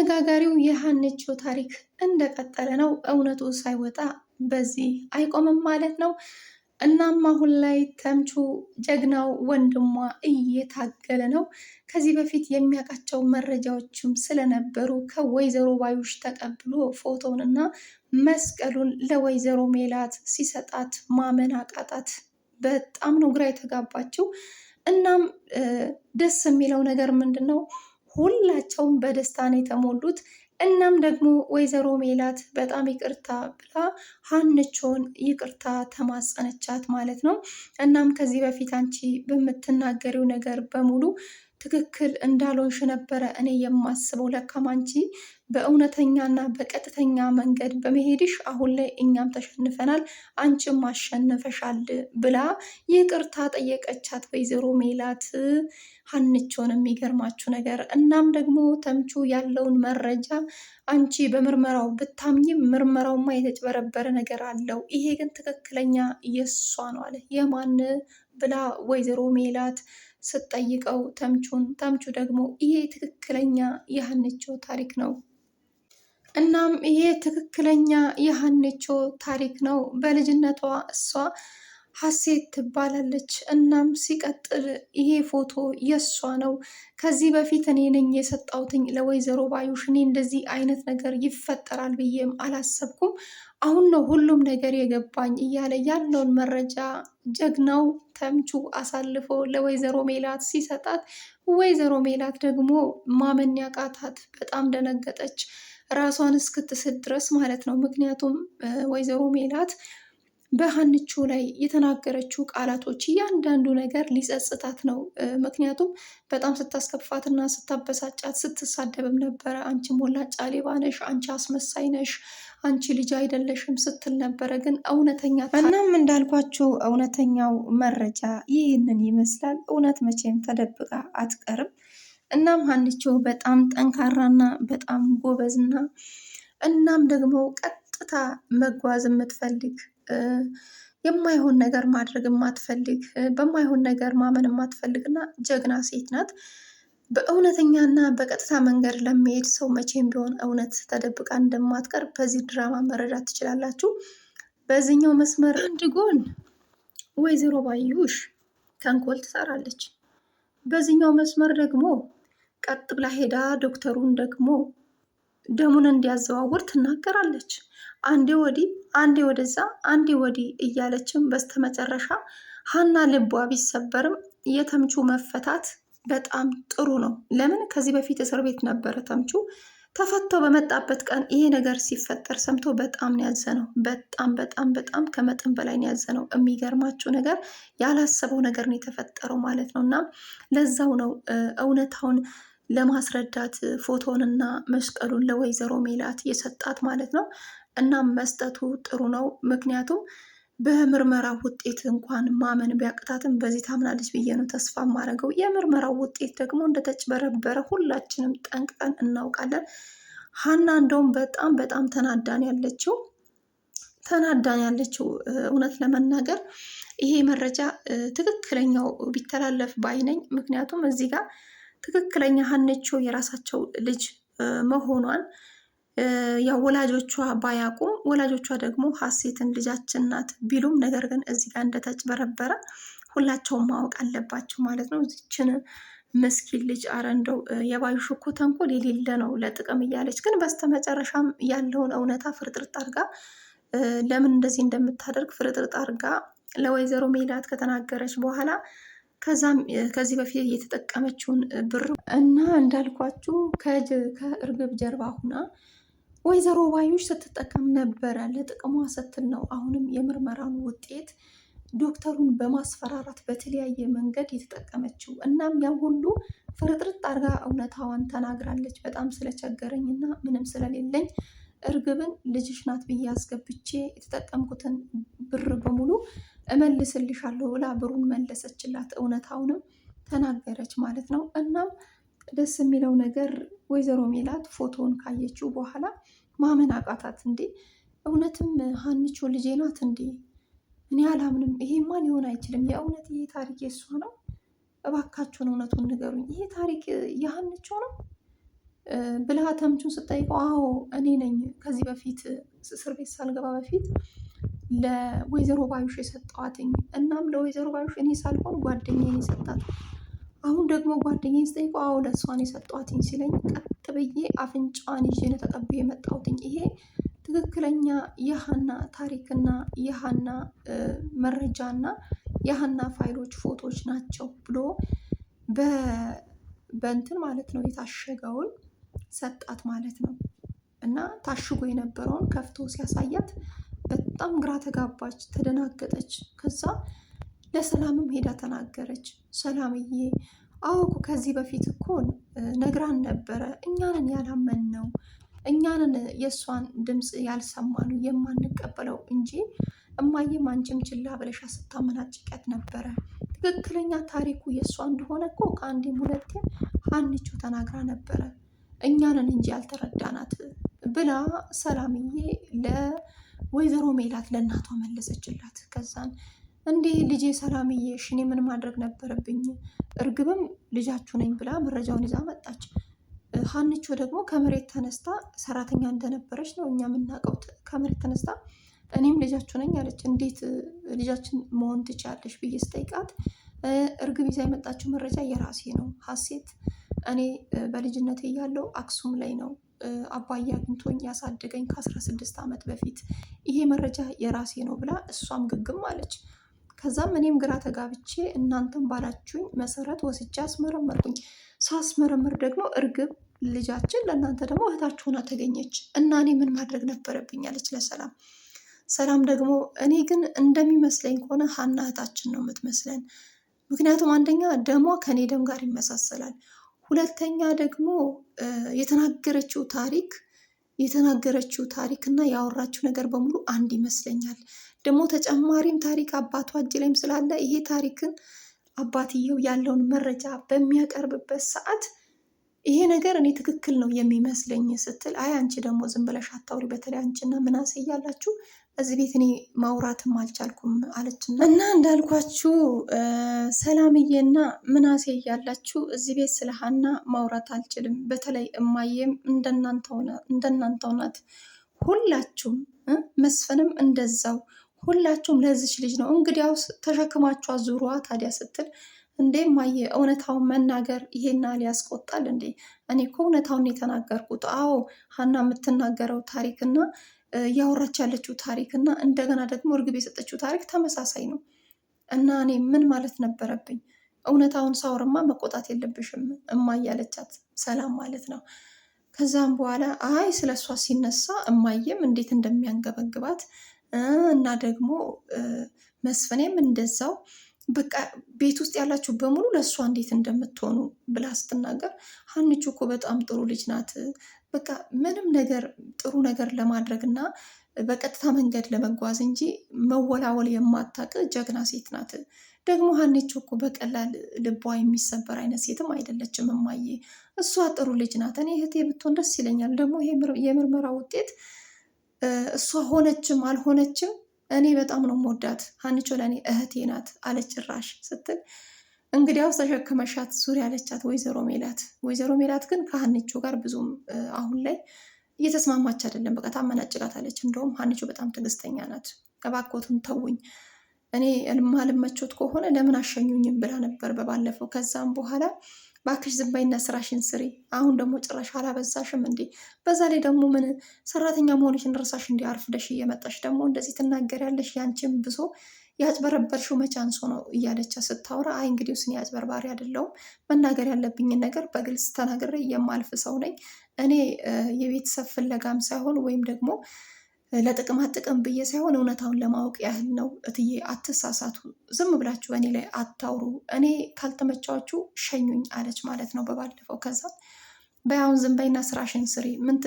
አነጋጋሪው የሀንቾ ታሪክ እንደቀጠለ ነው። እውነቱ ሳይወጣ በዚህ አይቆምም ማለት ነው። እናም አሁን ላይ ተምቹ ጀግናው ወንድሟ እየታገለ ነው። ከዚህ በፊት የሚያውቃቸው መረጃዎችም ስለነበሩ ከወይዘሮ ባዩሽ ተቀብሎ ፎቶንና መስቀሉን ለወይዘሮ ሜላት ሲሰጣት ማመን አቃጣት። በጣም ነው ግራ የተጋባችው። እናም ደስ የሚለው ነገር ምንድን ነው ሁላቸውም ነው የተሞሉት። እናም ደግሞ ወይዘሮ ሜላት በጣም ይቅርታ ብላ ሀንቾን ይቅርታ ተማጸነቻት ማለት ነው። እናም ከዚህ በፊት አንቺ በምትናገሪው ነገር በሙሉ ትክክል እንዳልሆንሽ ነበረ እኔ የማስበው። ለካም አንቺ በእውነተኛና በቀጥተኛ መንገድ በመሄድሽ አሁን ላይ እኛም ተሸንፈናል፣ አንቺም አሸንፈሻል ብላ ይቅርታ ጠየቀቻት ወይዘሮ ሜላት ሀንቾን። የሚገርማችሁ ነገር እናም ደግሞ ተምቹ ያለውን መረጃ አንቺ በምርመራው ብታምኝም ምርመራውማ የተጭበረበረ ነገር አለው፣ ይሄ ግን ትክክለኛ የሷ ነው አለ። የማን ብላ ወይዘሮ ሜላት ስትጠይቀው ተምቹን ተምቹ ደግሞ ይሄ ትክክለኛ የሀንቾ ታሪክ ነው እናም ይሄ ትክክለኛ የሀንቾ ታሪክ ነው። በልጅነቷ እሷ ሀሴት ትባላለች። እናም ሲቀጥል ይሄ ፎቶ የእሷ ነው። ከዚህ በፊት እኔ ነኝ የሰጣውትኝ ለወይዘሮ ባዩሽ። እኔ እንደዚህ አይነት ነገር ይፈጠራል ብዬም አላሰብኩም። አሁን ነው ሁሉም ነገር የገባኝ እያለ ያለውን መረጃ ጀግናው ተምቹ አሳልፎ ለወይዘሮ ሜላት ሲሰጣት፣ ወይዘሮ ሜላት ደግሞ ማመን ያቃታት በጣም ደነገጠች፣ ራሷን እስክትስት ድረስ ማለት ነው። ምክንያቱም ወይዘሮ ሜላት በሀንቾ ላይ የተናገረችው ቃላቶች እያንዳንዱ ነገር ሊጸጽታት ነው። ምክንያቱም በጣም ስታስከፋትና ስታበሳጫት ስትሳደብም ነበረ። አንቺ ሞላጫ ሌባ ነሽ፣ አንቺ አስመሳይ ነሽ፣ አንቺ ልጅ አይደለሽም ስትል ነበረ። ግን እውነተኛ እናም እንዳልኳችሁ እውነተኛው መረጃ ይህንን ይመስላል። እውነት መቼም ተደብቃ አትቀርም። እናም ሀንቾ በጣም ጠንካራና በጣም ጎበዝና እናም ደግሞ ቀጥታ መጓዝ የምትፈልግ የማይሆን ነገር ማድረግ የማትፈልግ በማይሆን ነገር ማመን የማትፈልግ እና ጀግና ሴት ናት። በእውነተኛና በቀጥታ መንገድ ለሚሄድ ሰው መቼም ቢሆን እውነት ተደብቃ እንደማትቀር በዚህ ድራማ መረዳት ትችላላችሁ። በዚህኛው መስመር አንድ ጎን ወይዘሮ ባዩሽ ተንኮል ትሰራለች። በዚህኛው መስመር ደግሞ ቀጥ ብላ ሄዳ ዶክተሩን ደግሞ ደሙን እንዲያዘዋውር ትናገራለች። አንዴ ወዲህ አንዴ ወደዛ አንዴ ወዲህ እያለችም በስተመጨረሻ ሀና ልቧ ቢሰበርም የተምቹ መፈታት በጣም ጥሩ ነው። ለምን ከዚህ በፊት እስር ቤት ነበረ ተምቹ ተፈቶ በመጣበት ቀን ይሄ ነገር ሲፈጠር ሰምቶ በጣም ነው ያዘነው። በጣም በጣም በጣም ከመጠን በላይ ነው ያዘነው። የሚገርማችሁ ነገር ያላሰበው ነገር ነው የተፈጠረው ማለት ነው። እና ለዛው ነው እውነታውን ለማስረዳት ፎቶንና መስቀሉን ለወይዘሮ ሜላት የሰጣት ማለት ነው። እናም መስጠቱ ጥሩ ነው። ምክንያቱም በምርመራ ውጤት እንኳን ማመን ቢያቅታትም በዚህ ታምናለች ብዬ ነው ተስፋ ማድረገው። የምርመራ ውጤት ደግሞ እንደተጭበረበረ ሁላችንም ጠንቅቀን እናውቃለን። ሀና እንደውም በጣም በጣም ተናዳን ያለችው ተናዳን ያለችው እውነት ለመናገር ይሄ መረጃ ትክክለኛው ቢተላለፍ ባይነኝ። ምክንያቱም እዚህ ጋር ትክክለኛ ሀነቾ የራሳቸው ልጅ መሆኗን ያው ወላጆቿ ባያውቁም ወላጆቿ ደግሞ ሀሴትን ልጃችን ናት ቢሉም ነገር ግን እዚህ ጋር እንደተጭበረበረ ሁላቸውም ማወቅ አለባቸው ማለት ነው። እዚችን ምስኪን ልጅ አረ እንደው የባዩሽ እኮ ተንኮል የሌለ ነው ለጥቅም እያለች ግን በስተመጨረሻም ያለውን እውነታ ፍርጥርጥ አርጋ ለምን እንደዚህ እንደምታደርግ ፍርጥርጥ አርጋ ለወይዘሮ ሜላት ከተናገረች በኋላ ከዛም ከዚህ በፊት የተጠቀመችውን ብር እና እንዳልኳችሁ ከእርግብ ጀርባ ሁና ወይዘሮ ባዩሽ ስትጠቀም ነበረ ለጥቅሟ ስትል ነው። አሁንም የምርመራውን ውጤት ዶክተሩን በማስፈራራት በተለያየ መንገድ የተጠቀመችው። እናም ያ ሁሉ ፍርጥርጥ አርጋ እውነታዋን ተናግራለች። በጣም ስለቸገረኝ እና ምንም ስለሌለኝ እርግብን ልጅሽ ናት ብዬ አስገብቼ የተጠቀምኩትን ብር በሙሉ እመልስልሻለሁ ብላ ብሩን መለሰችላት። እውነታውንም ተናገረች ማለት ነው እናም ደስ የሚለው ነገር ወይዘሮ ሜላት ፎቶውን ካየችው በኋላ ማመን አቃታት። እንዴ እውነትም ሀንቾ ልጄ ናት እንዴ? እኔ አላምንም። ይሄማ ሊሆን አይችልም። የእውነት ይሄ ታሪክ የእሷ ነው? እባካችሁን እውነቱን ንገሩኝ። ይሄ ታሪክ የሀንቾ ነው ብላ ተምቹን ስጠይቀው አዎ እኔ ነኝ። ከዚህ በፊት እስር ቤት ሳልገባ በፊት ለወይዘሮ ባዩሽ የሰጠዋትኝ። እናም ለወይዘሮ ባዩሽ እኔ ሳልሆን ጓደኛዬ የሰጣት አሁን ደግሞ ጓደኛዬን ስጠይቀው አዎ ለእሷን የሰጧትኝ ሲለኝ ቀጥ ብዬ አፍንጫዋን ይዤ ነው ተቀብዬ የመጣሁትኝ። ይሄ ትክክለኛ የሀና ታሪክና የሀና መረጃና የሀና ፋይሎች፣ ፎቶዎች ናቸው ብሎ በእንትን ማለት ነው የታሸገውን ሰጣት ማለት ነው። እና ታሽጎ የነበረውን ከፍቶ ሲያሳያት በጣም ግራ ተጋባች፣ ተደናገጠች። ከዛ ለሰላምም ሄዳ ተናገረች። ሰላምዬ አውቁ ከዚህ በፊት እኮ ነግራን ነበረ። እኛንን ያላመን ነው እኛንን የእሷን ድምፅ ያልሰማኑ የማንቀበለው እንጂ እማዬም አንቺም ችላ ብለሽ ስታመናጭቂያት ነበረ። ትክክለኛ ታሪኩ የእሷ እንደሆነ እኮ ከአንዴም ሁለቴ አንቹ ተናግራ ነበረ። እኛንን እንጂ ያልተረዳናት ብላ ሰላምዬ ለወይዘሮ ሜላት ለእናቷ መለሰችላት። ከዛን እንዴ ልጄ ሰላምዬ፣ እሺ እኔ ምን ማድረግ ነበረብኝ? እርግብም ልጃችሁ ነኝ ብላ መረጃውን ይዛ መጣች። ሀንቾ ደግሞ ከመሬት ተነስታ ሰራተኛ እንደነበረች ነው እኛ የምናውቀው። ከመሬት ተነስታ እኔም ልጃችሁ ነኝ አለች። እንዴት ልጃችን መሆን ትችላለች ብዬ ስጠይቃት እርግብ ይዛ የመጣችው መረጃ የራሴ ነው ሀሴት፣ እኔ በልጅነት ያለው አክሱም ላይ ነው አባዬ አግኝቶኝ ያሳደገኝ ከአስራ ስድስት ዓመት በፊት ይሄ መረጃ የራሴ ነው ብላ እሷም ግግም አለች። ከዛም እኔም ግራ ተጋብቼ እናንተም ባላችሁኝ መሰረት ወስጄ አስመረመርኩኝ። ሳስመረምር ደግሞ እርግብ ልጃችን ለእናንተ ደግሞ እህታችሁ ሆና ተገኘች እና እኔ ምን ማድረግ ነበረብኝ? አለች ለሰላም። ሰላም ደግሞ እኔ ግን እንደሚመስለኝ ከሆነ ሀና እህታችን ነው የምትመስለን። ምክንያቱም አንደኛ ደሟ ከእኔ ደም ጋር ይመሳሰላል፣ ሁለተኛ ደግሞ የተናገረችው ታሪክ የተናገረችው ታሪክና ያወራችው ነገር በሙሉ አንድ ይመስለኛል። ደግሞ ተጨማሪም ታሪክ አባቷ እጅ ላይም ስላለ ይሄ ታሪክን አባትየው ያለውን መረጃ በሚያቀርብበት ሰዓት ይሄ ነገር እኔ ትክክል ነው የሚመስለኝ ስትል፣ አይ አንቺ ደግሞ ዝም ብለሽ አታውሪ፣ በተለይ አንቺና ምናሴ እያላችሁ እዚህ ቤት እኔ ማውራትም አልቻልኩም አለችና እና እንዳልኳችሁ ሰላምዬና ምናሴ እያላችሁ እዚህ ቤት ስለ ሀና ማውራት አልችልም። በተለይ እማዬም እንደናንተው ናት። ሁላችሁም መስፍንም እንደዛው ሁላችሁም ለዚች ልጅ ነው እንግዲያውስ ተሸክማችሁ ዙሯ ታዲያ ስትል እንዴ ማየ እውነታውን መናገር ይሄና ሊያስቆጣል እንዴ? እኔ እኮ እውነታውን የተናገርኩት አዎ ሀና የምትናገረው ታሪክና እያወራች ያለችው ታሪክ እና እንደገና ደግሞ እርግብ የሰጠችው ታሪክ ተመሳሳይ ነው እና እኔ ምን ማለት ነበረብኝ? እውነታውን ሳውርማ መቆጣት የለብሽም እማ እያለቻት ሰላም ማለት ነው። ከዛም በኋላ አይ ስለ እሷ ሲነሳ እማየም እንዴት እንደሚያንገበግባት እና ደግሞ መስፍኔም እንደዛው በቃ ቤት ውስጥ ያላችሁ በሙሉ ለእሷ እንዴት እንደምትሆኑ ብላ ስትናገር ሀንቹ እኮ በጣም ጥሩ ልጅ ናት። በቃ ምንም ነገር ጥሩ ነገር ለማድረግ እና በቀጥታ መንገድ ለመጓዝ እንጂ መወላወል የማታቅ ጀግና ሴት ናት። ደግሞ ሀንቹ እኮ በቀላል ልቧ የሚሰበር አይነት ሴትም አይደለችም። እማዬ እሷ ጥሩ ልጅ ናት። እኔ እህቴ ብትሆን ደስ ይለኛል። ደግሞ የምርመራ ውጤት እሷ ሆነችም አልሆነችም እኔ በጣም ነው የምወዳት ሀኒቾ ለእኔ እህቴ ናት አለች ጭራሽ ስትል እንግዲያውስ ተሸክመሻት ዙሪያ ያለቻት ወይዘሮ ሜላት። ወይዘሮ ሜላት ግን ከሀኒቾ ጋር ብዙም አሁን ላይ እየተስማማች አይደለም። በቃ ታመናጭቃታለች። እንደውም ሀኒቾ በጣም ትዕግስተኛ ናት። እባክዎትን ተውኝ፣ እኔ ልማልመቾት ከሆነ ለምን አሸኙኝም ብላ ነበር በባለፈው። ከዛም በኋላ ባክሽ ዝባይና ስራሽን ስሪ። አሁን ደግሞ ጭራሽ አላበዛሽም እንዴ? በዛ ላይ ደግሞ ምን ሰራተኛ መሆንሽን ረሳሽ እንዲ? አርፍደሽ እየመጣሽ ደግሞ እንደዚህ ትናገሪያለሽ። ያንቺን ብሶ ያጭበረበርሽው መቻንሶ ነው እያለች ስታወራ፣ አይ እንግዲህ ስን ያጭበርባሪ አይደለሁም መናገር ያለብኝን ነገር በግልጽ ተናግሬ የማልፍ ሰው ነኝ። እኔ የቤተሰብ ፍለጋም ሳይሆን ወይም ደግሞ ለጥቅማ ጥቅም ብዬ ሳይሆን እውነታውን ለማወቅ ያህል ነው። እትዬ አትሳሳቱ፣ ዝም ብላችሁ እኔ ላይ አታውሩ፣ እኔ ካልተመቻችሁ ሸኙኝ አለች ማለት ነው በባለፈው። ከዛ በያሁን ዝም በይና ስራሽን ስሪ፣ ምን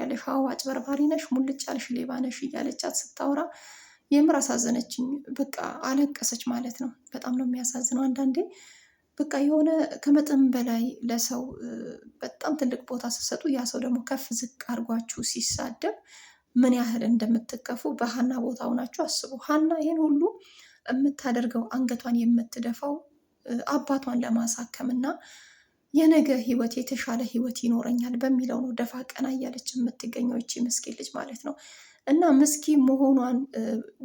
ያለሽ አዋጭ በርባሪ ነሽ፣ ሙልጭ ያልሽ ሌባ ነሽ እያለቻት ስታወራ የምር አሳዘነችኝ። በቃ አለቀሰች ማለት ነው። በጣም ነው የሚያሳዝነው አንዳንዴ በቃ የሆነ ከመጠን በላይ ለሰው በጣም ትልቅ ቦታ ስትሰጡ ያ ሰው ደግሞ ከፍ ዝቅ አድርጓችሁ ሲሳደብ ምን ያህል እንደምትከፉ በሀና ቦታው ናቸው አስቡ። ሀና ይህን ሁሉ የምታደርገው አንገቷን የምትደፋው አባቷን ለማሳከም እና የነገ ህይወት የተሻለ ህይወት ይኖረኛል በሚለው ነው ደፋ ቀና እያለች የምትገኘው ይቺ ምስኪን ልጅ ማለት ነው። እና ምስኪን መሆኗን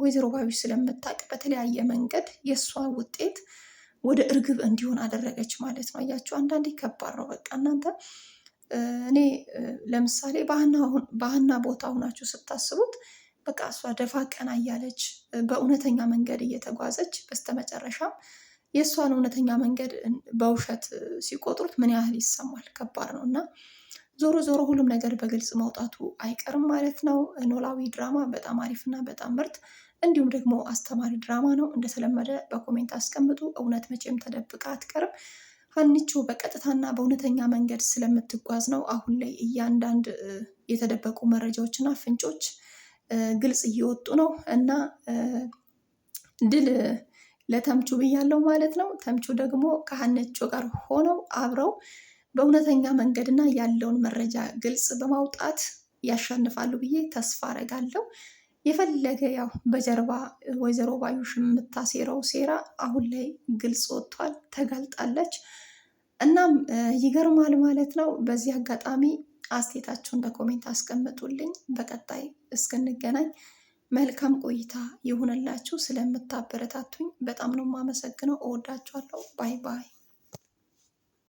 ወይዘሮ ባቢ ስለምታውቅ በተለያየ መንገድ የእሷ ውጤት ወደ እርግብ እንዲሆን አደረገች ማለት ነው። አያችሁ፣ አንዳንዴ ከባድ ነው። በቃ እናንተ እኔ ለምሳሌ በሀና ቦታ ሆናችሁ ስታስቡት በቃ እሷ ደፋ ቀና እያለች በእውነተኛ መንገድ እየተጓዘች በስተመጨረሻም የእሷን እውነተኛ መንገድ በውሸት ሲቆጥሩት ምን ያህል ይሰማል? ከባድ ነው እና ዞሮ ዞሮ ሁሉም ነገር በግልጽ መውጣቱ አይቀርም ማለት ነው። ኖላዊ ድራማ በጣም አሪፍና በጣም ምርጥ እንዲሁም ደግሞ አስተማሪ ድራማ ነው። እንደተለመደ በኮሜንት አስቀምጡ። እውነት መቼም ተደብቃ አትቀርም። ሀኒቾ በቀጥታና በእውነተኛ መንገድ ስለምትጓዝ ነው አሁን ላይ እያንዳንድ የተደበቁ መረጃዎችና ፍንጮች ግልጽ እየወጡ ነው እና ድል ለተምቹ ብያለው ማለት ነው። ተምቹ ደግሞ ከሀኒቾ ጋር ሆነው አብረው በእውነተኛ መንገድና ያለውን መረጃ ግልጽ በማውጣት ያሸንፋሉ ብዬ ተስፋ አረጋለሁ። የፈለገ ያው በጀርባ ወይዘሮ ባዩሽ የምታሴረው ሴራ አሁን ላይ ግልጽ ወጥቷል፣ ተጋልጣለች። እናም ይገርማል ማለት ነው። በዚህ አጋጣሚ አስቴታችሁን በኮሜንት አስቀምጡልኝ። በቀጣይ እስክንገናኝ መልካም ቆይታ ይሁንላችሁ። ስለምታበረታቱኝ በጣም ነው የማመሰግነው። እወዳችኋለሁ። ባይ ባይ።